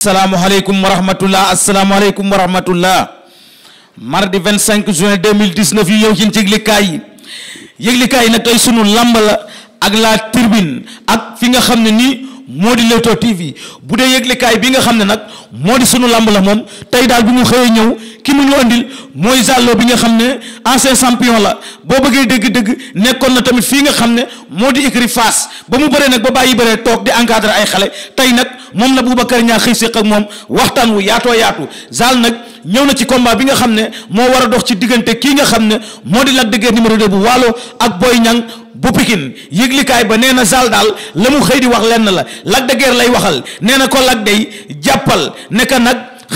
asalaamaaleykum wa rahmatullah asalaamaaleykum wa rahmatullah mardi 25 juin 2019 yu ñëw ci yëglikaay yi yëglikaay yi nag tey sunu làmb la ak la turbine ak fi nga xam ne nii moo di Leewtoo TV bu dee yëglikaay bi nga xam ne nag moo di sunu làmb la moom tey daal bi mu xëyee ñëw ki mu ñu andil mooy Zallo bi nga xam ne ancien champion la boo bëggee dëgg-dëgg nekkoon na tamit fii nga xam ne moo di écurie Fass ba mu bëree nag ba bàyyi bëree toog di encadrer ay xale tey nag moom bu Boubacar ñaa xëy séq ak moom waxtaan wu yaatoo yaatu Zal nag ñëw na ci combat bi nga xam ne moo war a dox ci diggante kii nga xam ne moo di Lac de Guiers numéro 2 bu Waalo ak Boy Niang bu Pikine yëglikaay ba nee na Zal daal la mu xëy di wax lenn la Lac de lay waxal nee na ko Lac day jàppal ne ka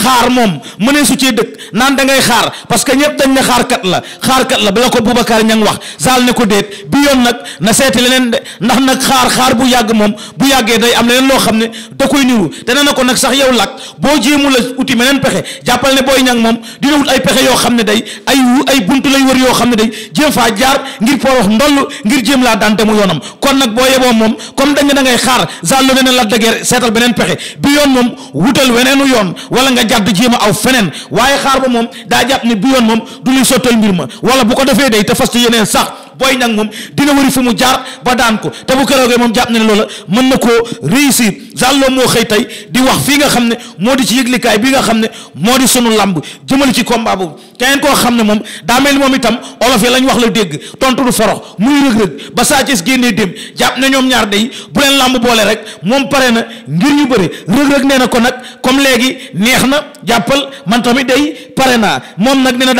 xaar moom mënee su cee dëkk naan dangay xaar parce que ñëpp dañ ne xaarkat la xaarkat la bala ko Boubacar ñang wax zaal ne ko déet bi yoon nag na seeti leneen de ndax nag xaar xaar bu yàgg moom bu yàggee day am leneen loo xam ne da koy niru te ne na nag sax yow làkk boo jéemu la uti meneen pexe jàppal ne booy ñang moom dina ay pexe yoo xam ne day ay ay buntu lay wër yoo xam ne day jéem faa jaar ngir porox ndoll ngir jéem laa daan te mu yoonam kon nag boo yeboo moom comme dañ ne da ngay xaar zaal lu ne ne la dëgër seetal beneen pexe bi yoon moom wutal weneenu yoon wala nga day gàddu ma aw feneen waaye xaar ba moom daa jàpp ne bi yoon moom du luy sottal mbir ma wala bu ko defee day te fas yeneen sax booy ñang moom dina wëri fu mu jaar ba daan ko te bu keroogee moom jàpp ne loola mën na koo réussir zàlloo moo xëy tey di wax fii nga xam ne moo di ci yëglikaay bii nga xam ne moo di sunu làmb jëmale ci combat boobu keneen la dégg tontu du forox muy rëg-rëg na ñoom ñaar day na ngir ñu bëri rëg-rëg nee na ko nag na jàppal man tamit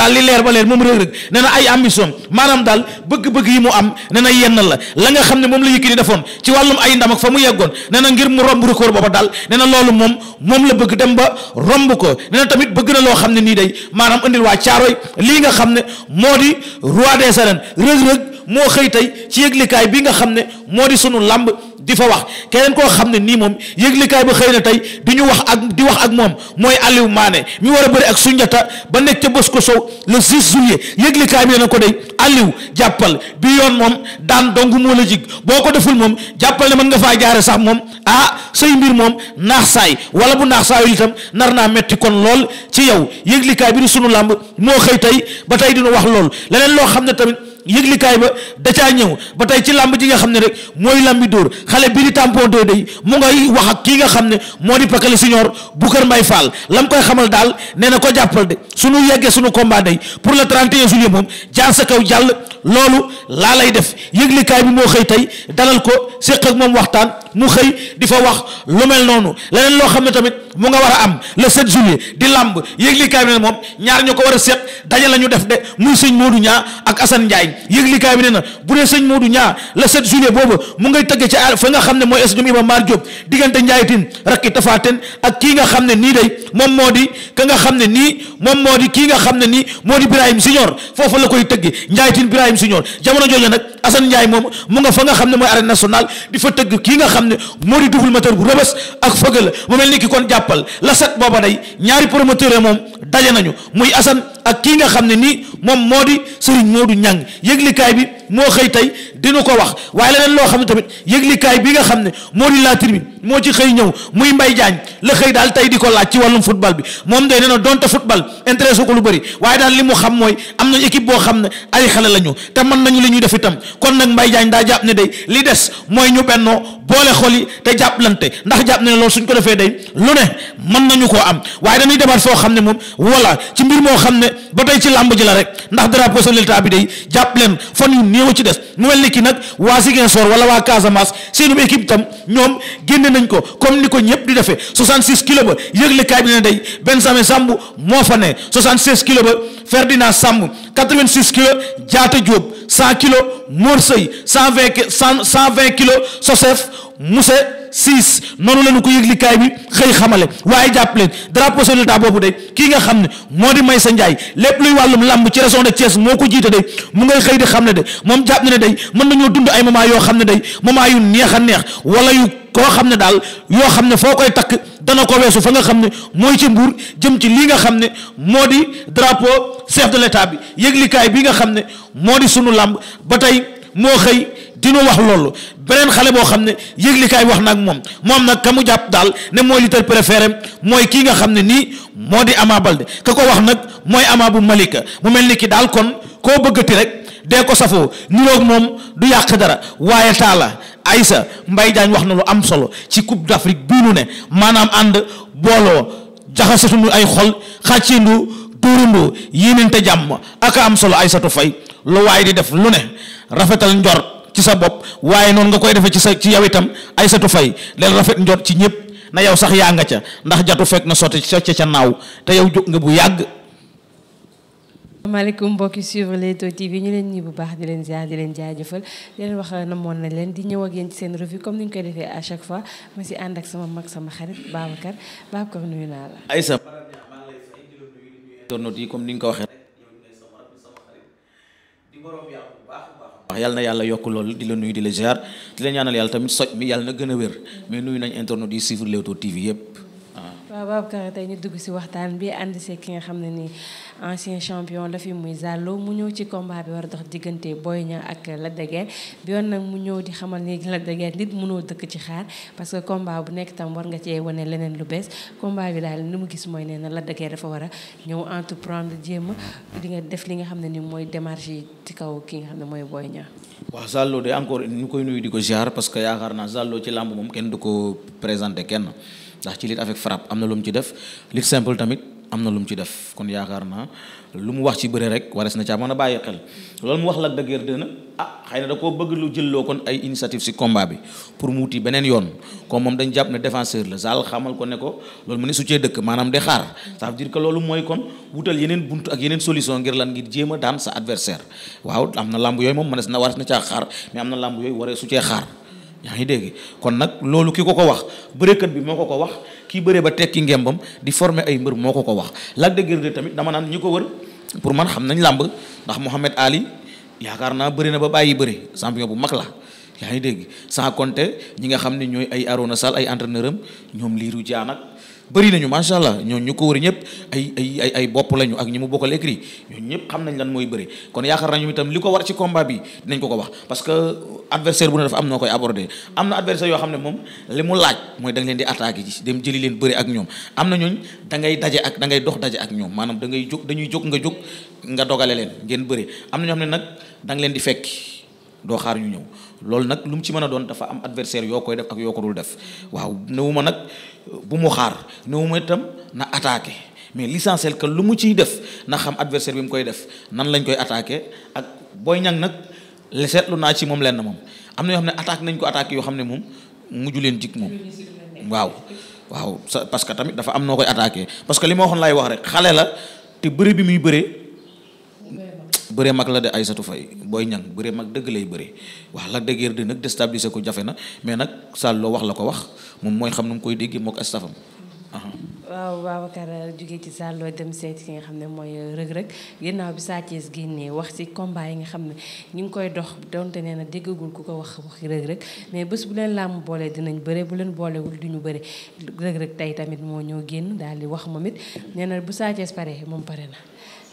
li leer ba leer moom rëg-rëg nee na daal bëgg-bëgg yi mu am nee na yenn la la nga xam ne moom la Yékini defoon ci wàllum ay ndam ak fa mu yeggoon nee na ngir mu romb record booba daal nee na loolu moom moom la bëgg dem ba romb ko nee na tamit bëgg na loo xam ne nii day maanaam indil waa Caaroy lii nga xam ne moo di roi des arènes Reug Reug moo xëy tey ci yëglikaay bi nga xam ne moo di suñu làmb di fa wax keneen koo xam ne nii moom yëglikaay ba xëy na tey di ñu wax ak di wax ak moom mooy Aliou maane mi war a bëri ak suñ Sunjata ba nekk ca Bosco Sow le 6 juillet yëglikaay bi ne ko dey Aliou jàppal bi yoon moom daan dong moo la jig boo ko deful moom jàppal ne nga faa jaare sax moom ah say mbir moom naax saay wala bu naax saayul itam nar naa metti kon lool ci yow yëglikaay bi di sunu làmb moo xëy tey ba tey dina wax lool leneen loo xam ne tamit yëglikaay ba da caa ñëw ba tey ci làmb ji nga xam ne rek mooy làmbi dóor xale bii di tampon doo day mu ngay wax ak kii nga xam ne moo di pakali siñoor bu kër mbay faal lam koy xamal daal nee na ko jàppal de suñu yeggee suñu combat pour le 31 juillet moom jaar sa kaw jàll loolu laa lay def yëglikaay bi moo xëy tey dalal ko séq moom waxtaan mu xëy di fa wax lu mel noonu loo xam ne tamit mu nga war a am le 7 juillet di làmb yëglikaay bi moom ñaar ñu ko war a seet daje la ñu def de muy sëñ Modou Ñaa ak Assane Ndiaye yëglikaay bi nee na bu dee sëñ Modou Ñaa le 7 juillet boobu mu ngay tëgg ci fa nga xam ne mooy stade Iba Mar Diop diggante Ndiaye Tine rakki Tapha Tine moom moo di ka nga xam ne nii moom moo di kii nga xam ne nii moo di Birahim Signor foofu la koy tëggi Ndiaye Tine Birahim Signor jamono jooju nag Assane Ndiaye moom mu nga fa nga xam ne mooy arène nationale di fa tëgg kii nga xam ne moo di double moteur bu rëbës ak fëgal mu mel ni ki kon jàppal la set booba day ñaari promoteur moom daje nañu muy Assane ak kii nga xam ne nii moom moo di Serigne Modou Niang yëglikaay bi moo xëy tey dinu ko wax waaye leneen loo xam ne tamit yëglikaay bi nga xam ne moo di La Tribune moo ci xëy ñëw muy Mbaye Diagne la xëy daal tey di ko laaj ci wàllum football bi moom day nee na donte football intéressé ko lu bëri waaye daal li mu xam mooy am nañu équipe boo xam ne ay xale la ñu te mën nañu li ñuy def itam kon nag Mbaye Diagne daa jàpp ne day li des mooy ñu bennoo boole xol yi te jàppalante ndax jàpp ne lool suñ ko defee day lu ne mën nañu koo am waaye dañuy demaat foo xam ne moom voilà ci mbir moo xam ne ba tey ci làmb ji la rek ndax drapeau de l'État bi day jàpp néew ci des mu mel ni ki nag waa Ziguinchor wala waa Casamance seenu équipe itam ñoom génne nañ ko comme ni ko ñëpp di defee 66 kilo ba yëgle kaay bi ne day Benjamin Samb moo fa ne 76 kilo ba Ferdinand Samb 86 kilo Diatta Diop 100 kilo Mor Seye 120 120 kilo Sosef Mousse siis noonu la ñu ko yëglikaay bi xëy xamale waaye jàpp leen drapeau chef de l'État boobu de kii nga xam ne moo di Maysa Ndiaye lépp luy wàllum làmb ci région de Thiès moo ko jiite de mu ngay xëy xam ne de moom jàpp na ne day mën nañoo dund ay moment yoo xam ne day moment yu neex a neex wala koo xam ne daal yoo xam ne foo koy takk dana ko weesu nga xam ne mooy ci jëm ci lii nga xam ne moo di drapeau chef de bi yëglikaay bi nga xam ne moo di sunu làmb ba tey moo xëy dinu wax loolu beneen xale boo xam ne yëglikaay wax naag moom moom nag ka mu jàpp daal ne mooy lutteur préféré mooy kii nga xam ne nii moo di amaabal Baldé ka ko wax nag mooy Ama bu Malika mu mel ni kii daal kon koo bëggati rek dee ko safoo niroog moom du yàq dara waaye taala Aïssa Mbaye Diagne wax na lu am solo ci Coupe d'Afrique bii nu ne maanaam ànd booloo jaxasatuñu ay xol xàccindu tuurundu yéenante jàmm aka am solo Aïssatou Faye lu waay di def lu ne rafetal njort ci sa bopp waaye noonu nga koy defee ci sa ci yow itam ay satu fay del rafet njot ci ñëpp na yow sax yaa nga ca ndax jatu fekk na sotti ca ca naaw te yow jóg nga bu yàgg maaleykum mbokki suivre Leewtoo TV ñu leen ñi bu baax di leen ziar di leen jaajëfal di leen wax namoon nañ leen di ñëw ak yéen ci seen revue comme ni ñu koy defee à chaque fois ma si ànd ak sama mag sama xarit Babacar Babacar nuyu naa la. Aïssa. internautes yi comme ni nga ko waxee. baax yàlla na yàlla yokk loolu di la nuyu di la ziar di la ñaanal yàlla tamit soj mi yàlla na gën a wér mais nuyu nañ internet yi suivre Leewtoo TV yëpp waaw Babacar tey ñu dugg si waxtaan bi ànd see ki nga xam ne nii ancien champion la fi muy Zallo mu ñëw ci combat bi war a dox diggante Boy ña ak Lac de bi yoon nag mu ñëw di xamal ni Lac de Guiers nit mënoo dëkk ci xaar parce que combat bu nekk tam war nga cee wane leneen lu bees combat bi daal li mu gis mooy nee na Lac de dafa war a ñëw entreprendre jéem a di nga def li nga xam ne ni mooy démarche yi ci kaw ki nga xam ne mooy Boy Niang waa Zallo de encore ñu koy nuyu di ko ziar parce que yaakaar naa Zallo ci làmb moom kenn du ko présenté kenn ndax ci lii avec frappe am na lu mu ci def lutte simple tamit am na lu mu ci def kon yaakaar naa lu mu wax ci bëre rek warees na caa mën a bàyyi xel loolu mu wax la dëgër dëna ah xëy na da koo bëgg lu jël loo kon ay initiative si combat bi pour mu wuti beneen yoon comme moom dañ jàpp ne défenseur la saal xamal ko ne ko loolu mu ne su cee dëkk maanaam de xaar ça veut dire que loolu mooy kon wutal yeneen bunt ak yeneen solution ngir lan ngir jéem a daan sa adversaire waaw am na lamb yooyu moom mënees na warees na caa xaar mais am lamb yooyu waree su cee xaar yaa ngi dégg kon nag loolu ki ko ko wax bëreekat bi moo ko ko wax kii bëree ba tekki ngembam di former ay mbër moo ko ko wax Lac de Guiers tamit dama naan ñi ko wër pour man xam nañ làmb ndax Mohamed Ali yaakaar naa bëri na ba bàyyi bëri champion bu mag la yaa ngi dégg sans compter ñi nga xam ne ñooy ay Arona Sall ay entraîneur am ñoom liiru jaan ak bëri nañu macha allah ñooñu ñu ko wër ñëpp ay ay ay ay bopp lañu ak ñi mu bokkal écrit ñooñu ñëpp xam nañ lan mooy bëri kon yaakaar nañu itam li ko war ci combat bi dinañ ko ko wax parce que adversaire bu ne dafa koy abordé am na adversaire yoo xam ne moom li mu laaj mooy da leen di attaqué ji dem jëli leen bëri ak ñoom am na ñooñ da daje ak da ngay dox daje ak ñoom maanaam da ngay jóg dañuy jóg nga jóg nga dogale leen ngeen bëri am na ñoo xam ne nag danga leen di fekki doo xaar ñu ñëw loolu nag lu mu ci mën a doon dafa am adversaire yoo koy def ak yoo ko dul def waaw néew ma nag bu mu xaar néew ma itam na attaqué mais l'essentiel que lu mu ciy def na xam adversaire bi mu koy def nan lañ koy attaqué ak booy Niang nag seetlu naa ci moom lenn moom am na yoo xam ne attaque nañ ko attaqué yoo xam ne moom mujj leen jik moom waaw waaw parce que tamit dafa am noo koy attaqué parce que li ma waxoon laay wax rek xale la te bëre bi muy bëre bëre mag la de Aïssatou Faye booy ñan bëre mag dëgg lay bëre wax la dëgg dëggeer di nag déstabiliser ko jafe na mais nag sàlloo wax la ko wax moom mooy xam nu koy dégg mook astafam waaw Babacar jógee ci sàlloo dem seet ki nga xam ne mooy rëg-rëg ginnaaw bi Sa Thiès génnee wax ci combat yi nga xam ne ñu ngi koy dox donte nee na déggagul ku ko wax waxi rëg-rëg mais bés bu leen làmb boole dinañ bëre bu leen boolewul duñu bëre rëg-rëg tey tamit moo ñoo génn daal di wax moom it nee na bu Sa Thiès pare moom pare na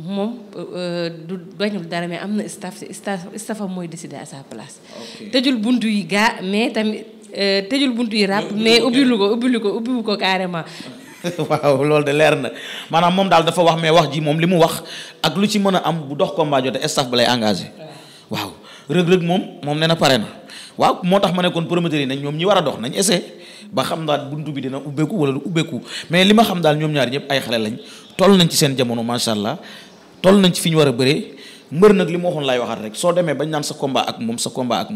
moom euh, du bañul dara mais am na staff staff staffam mooy décider à sa place. tëjul buntu yi gaa mais tamit euh, tëjul buntu yi ràpp mais ubbilu ko ubbilu ko ubbiwu ko carrément. waaw loolu de leer na maanaam moom daal dafa wax mais wax ji moom li mu wax ak lu ci mën a am bu dox combat jotee staff ba lay engagé. waaw rëg-rëg moom moom nee na pare na waaw moo tax ma ne kon promoteur yi nañ ñoom ñi war a dox nañ essayé ba xam daal buntu bi dina ubbeeku wala du ubbeeku mais li ma xam daal ñoom ñaar ñëpp ay xale lañ toll nañ ci seen jamono macha allah. toll nañ ci fi ñu war a bëree mbër nag li ma waxoon laay waxaat rek soo demee bañ naan sa combat ak moom sa combat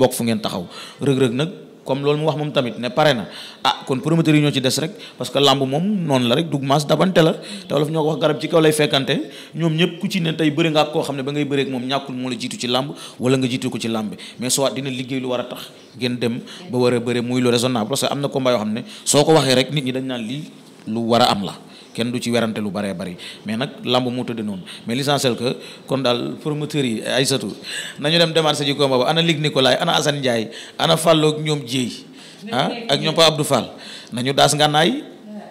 bokk fu ngeen taxaw rëg-rëg nag comme loolu mu wax moom tamit pare na ah kon promoteur yi ñoo que lamb moom noonu la rek dug maas dabante la te wolof ñoo ko wax garab ci kaw lay fekkante ñoom ñëpp ku ci ne tey bëri nga koo xam ne ba ngay bëreek moom ñàkkul moo la jiitu ci lamb wala nga jiitu ko ci lamb mais soit lu war a a bëre muy lu raisonnable parce que am na combat yoo xam ne soo ko waxee rek nit ñi dañ naan lii lu war a am la kenn du ci werante lu bëree bari mais nag lamb moo tëdd noonu mais l'essentiel que kon daal promoteurs yi ay satu nañu dem démarché ji combat ba ana Luc Nicolaï ana Assane Ndiaye ana Fallou ak ñoom Dieye ah ak ñoom Pa Abdou Fall nañu daas ngànnaay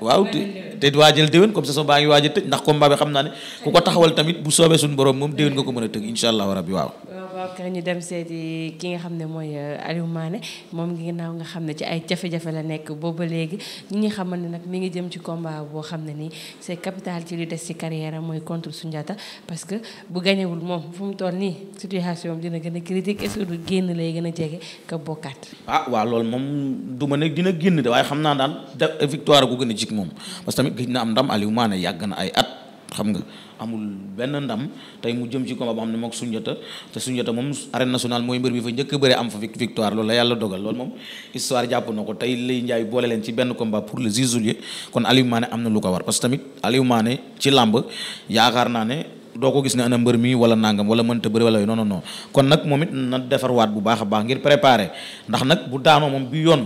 waaw te te waajal déwén comme saison baa ngi waaj a tëj ndax combat bi xam naa ne ku ko taxawal tamit bu soobee suñu borom moom déwén nga ko mën a tëgg incha allahu rabbi waaw. mbokk ñu dem seeti ki nga xam ne mooy euh, Aliou moom moom ginnaaw nga xam ne ci ay jafe-jafe la nekk booba léegi ñi ngi xamal ni nag mi ngi jëm ci combat boo xam ne nii c'est capital ci li des ci carrière mooy contre Sundiata parce que bu gañewul moom fu mu toll nii situation dina gën a critique et surtout génn lay gën a jege ka bokkaat. ah waaw loolu moom du ma ne dina génn de waaye xam naa daal victoire gu gën a jig moom parce que tamit gis na am ndam Aliou Mané yàgg na ay at xam nga. amul benn ndam tey mu jëm ci combat boo xam ne mook Sunjata te Sunjata moom arène nationale mooy mbër bi fa njëkk a bëre am fa victoire loolu la yàlla dogal loolu moom histoire jàpp na ko tey lay njaay boole leen ci benn combat pour le 10 juillet kon Aliou Mané am na lu ko war parce tamit Aliou ci làmb yaakaar naa ne doo ko gis ne ana mbër mi wala nangam wala mënta bëri wala non non non kon nag moom it na defar waat bu baax a baax ngir préparer ndax nag bu daanoo moom bi yoon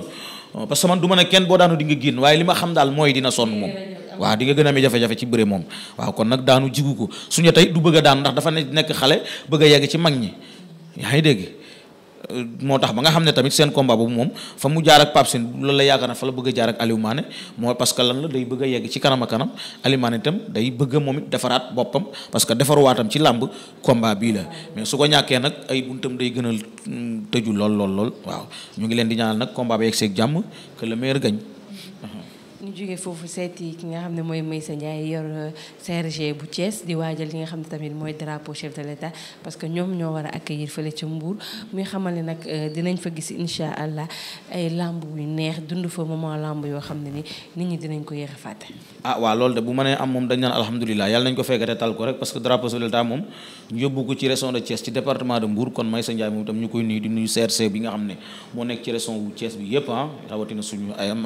parce kenn boo daanu di waaye li ma xam daal mooy dina sonn moom waaw di nga gën a amee jafe-jafe ci bëre moom waaw kon nag daanu jigu ko su suñu tey du bëgg a daanu ndax dafa nekk xale bëgg yegg ci mag ñi yaa ngi dégg moo tax ba nga xam ne tamit seen combat boobu moom fa mu jaar ak Pape Sine la yaakaar na fa la bëgg a jaar moo parce que lan la day bëgg yegg ci kanam a kanam Aliou itam day bëgg moom it defaraat boppam parce que defaruwaatam ci làmb combat bii la mais su ko ñàkkee nag ay buntam day gën a mm, tëju lool lool lool waaw ñu ngi leen di ñaanal nag combat ba yegg seeg jàmm que le meilleur ñu jógee xam ne mooy Meissa Ndiaye yor euh, CRG bu Thiès nga xam ne tamit mooy drapeau chef de l'État parce que ñoom ñoo war a accueillir fële ca ne nag euh, dinañ fa gis incha allah ay lamb yu neex dund fa moment lamb yoo xam ne ni nit ñi dinañ ko yéex a fàtte. ah waaw loolu de bu mënee am moom dañ naan alhamdulilah yàlla nañ ko fekkate tal ko rek parce que drapeau chef de l'État moom ñu yóbbu ko ci région de Thiès ci département de Mbour kon Meissa Ndiaye moom itam ñu koy nuyu di nuyu CRG bi nga xam ne moo nekk ci région bu Thiès bi yëpp ah rawatina suñu ay am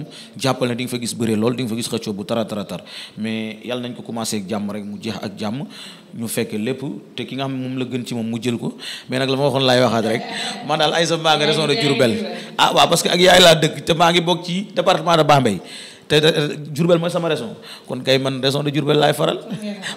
moom jàppal ne di nga fa gis bëre lool di fa gis xëccoo bu tara tara tar mais yàlla nañ ko commencé jàmm rek mu jeex ak jàmm ñu fekke lépp te ki nga xam ne moom la gën ci moom mu jël ko mais nag la ma waxoon laay waxaat rek man daal ay sa maa nga région de Diourbel ah waaw parce que ak yaay laa dëkk te maa ngi bokk ci département de Bambey te Diourbel mooy sama raison kon kay man raison de Diourbel laay faral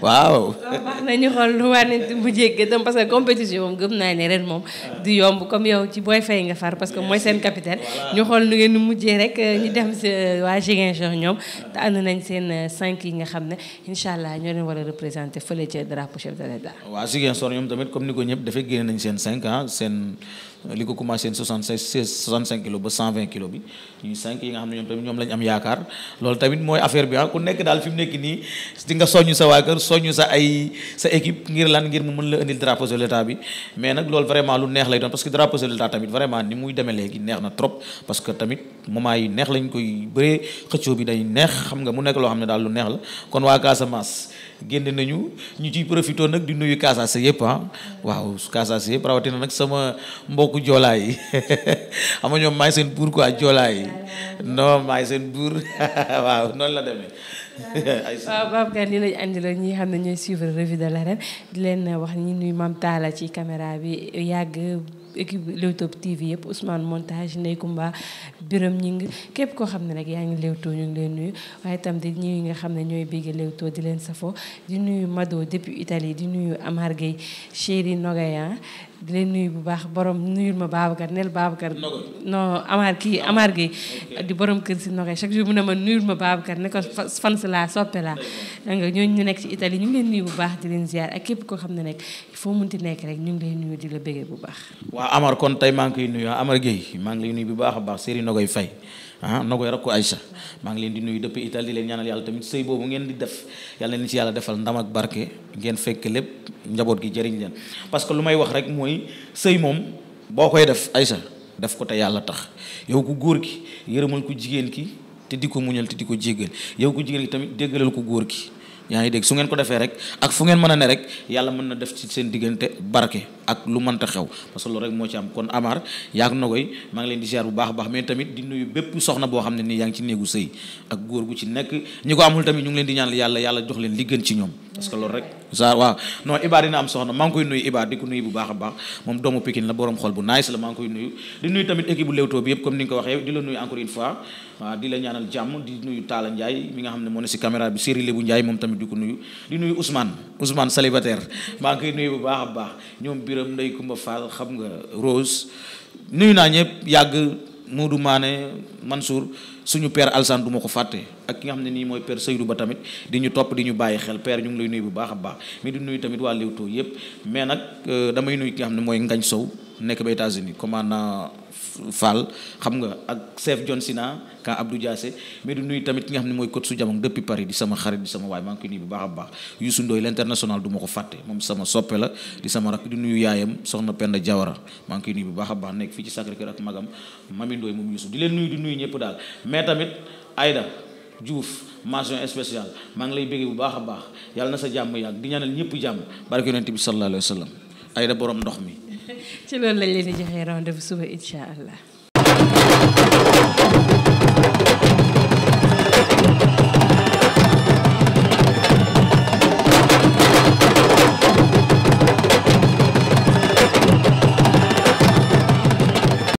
waaw. baax na ñu xool lu wane bu jéggee tam parce que compétition moom gëm naa ne ren moom du yomb comme yow ci booy fay nga far parce que mooy seen capitaine ñu xool nu ngeen nu mujjee rek euh, ñu dem si euh, waa Ziguinchor ñoom te nañ seen euh, cinq yi nga xam ne incha allah ñoo leen war a représenté fële ca drapeau chef de l'État. waaw Ziguinchor ñoom tamit comme ni ko ñëpp dafay génne nañ seen cinq ah seen. li ko commencé ne soixante cinq soixante cinq kilos ba cent vingt kilos bi ñuy cinq yi nga xam ne ñoom tamit ñoom lañ am yaakaar loolu tamit mooy affaire bi ah, ku nekk daal fi mu nekk nii di soññ sa waa kër soññ sa ay sa équipe ngir lan ngir mu mën la indil drapeau de l'état bi mais nag loolu vraiment lu neex lay doon parce que drapeau de l'état tamit vraiment ni muy demee léegi neex na trop parce que tamit moment yi neex lañ koy bëree xëccoo bi day neex xam nga mu nekk loo xam ne daal lu neex la kon waa Casamance génn nañu ñu ciy profité nag di nuyu Kaasase yëpp a ah. waaw Kaasase yëpp rawatina nag sama mbokku joolaa yi xam nga ñoom maay seen buur noonu la demee. waaw Babacar nii lañu andi la ñi xam ne ñooy suivre revue de l'arène di leen wax ñi nuyu Mame Talla ci caméra bi yàgg. équipe Leewtoo TV yëpp Ousmane Montage Ndeye Kumba biram Birame Gningue képp koo xam ne rek yaa ngi Leewtoo ñu ngi leen nuyu waaye itam di ñi nga xam ne ñooy bégg Leewtoo di leen safo di nuyu Mado depuis Italie di nuyu Amar Gueye Chéri di leen nuyu bu baax borom nuyul ma baabu Babacar nel Babacar. non Amar kii Amar Gueye di borom kër si Nogay chaque jour mu ne ma nuyul ma Babacar ne ko fan si laa soppe laa. nga ñooñu ñu nekk ci Italie ñu ngi leen nuyu bu baax di leen ziar ak képp koo xam ne nekk foo mun ti nekk rek ñu ngi lay nuyu di la bëggee bu baax. waa Amar kon tey maa ngi koy nuyu Amar Gueye maa ngi lay nuyu bu baax a baax Serigne Nogay fay ah Nogoy rakku Aïcha maa ngi leen di nuyu depuis ital di leen ñaanal yàlla tamit sëy boobu ngeen di def yàlla leen ci yàlla defal ndam ak barke ngeen fekk lépp njaboot gi jëriñ leen parce que lu may wax rek mooy sëy moom boo koy def Aïcha def ko te yàlla tax yow ku góor ki yërëmal ko jigéen ki te di ko muñal te di ko jéggal yow ku jigéen ki tamit déggalal ko góor ki yaa ngi dégg su ngeen ko defee rek ak fu ngeen mën a ne rek yàlla mën na def ci seen diggante barke ak lu mënta xew parce que loolu rek moo ci am kon Amar yàgg na koy maa ngi leen di ziar bu baax a baax mais tamit di nuyu bépp soxna boo xam ne nii yaa ngi ci néegu sëy ak góor gu ci nekk ñi ko amul tamit ñu ngi leen di ñaanal yàlla yàlla jox leen li gën ci ñoom parce que loolu rek sa waaw non Iba dina am soxna maa koy nuyu Iba di ko nuyu bu baax a baax moom doomu Pikine la borom xol bu nice la maa koy nuyu di nuyu tamit équipe bu ah, nga xam ne moo ne si caméra bi Serigne Lebou Ndiaye moom tamit di ko nuyu di nuyu Ousmane Ousmane célibataire maa koy nuyu bu baax a baax ñoom Biram Ndey Kumba Fall xam nga Rose nuyu naa ñëpp yàgg Modou Mané Mansour suñu père Alsane du ma ko fàtte ak ki nga xam ne nii mooy père Seydou ba tamit di ñu topp di ñu bàyyi xel per ñu ngi lay nuyu bu baax a baax mais di nuyu tamit waa Leewtoo yëpp mais nag euh, damay nuyu ki nga xam ne mooy Ngañ Sow nekk ba États-Unis commandant Fall xam nga ak chef John Sina quand Abdou Diassé mais du nuy tamit ki nga xam ne mooy coach su jamono depuis Paris di sama xarit di sama waay maa ngi koy nuyu bu baax a baax Youssou Ndoye l'international du ma ko moom sama soppe la di nuyu yaayam soxna Penda Diawara maa ngi koy nuyu bu baax a baax nekk fii ci Sacré-Cœur ak magam Mami Ndoye moom Youssou di leen nuyu di nuyu ñëpp daal mais tamit Aïda Diouf mention spéciale maa ngi lay béggee bu baax a baax yàlla na sa jàmm yàgg di ñaanal ñëpp jàmm barke yonent bi sallallahu alayhi wa sallam Aïda borom ndox mi ci loolu lañ leen di joxee rendez-vous suba incha allah.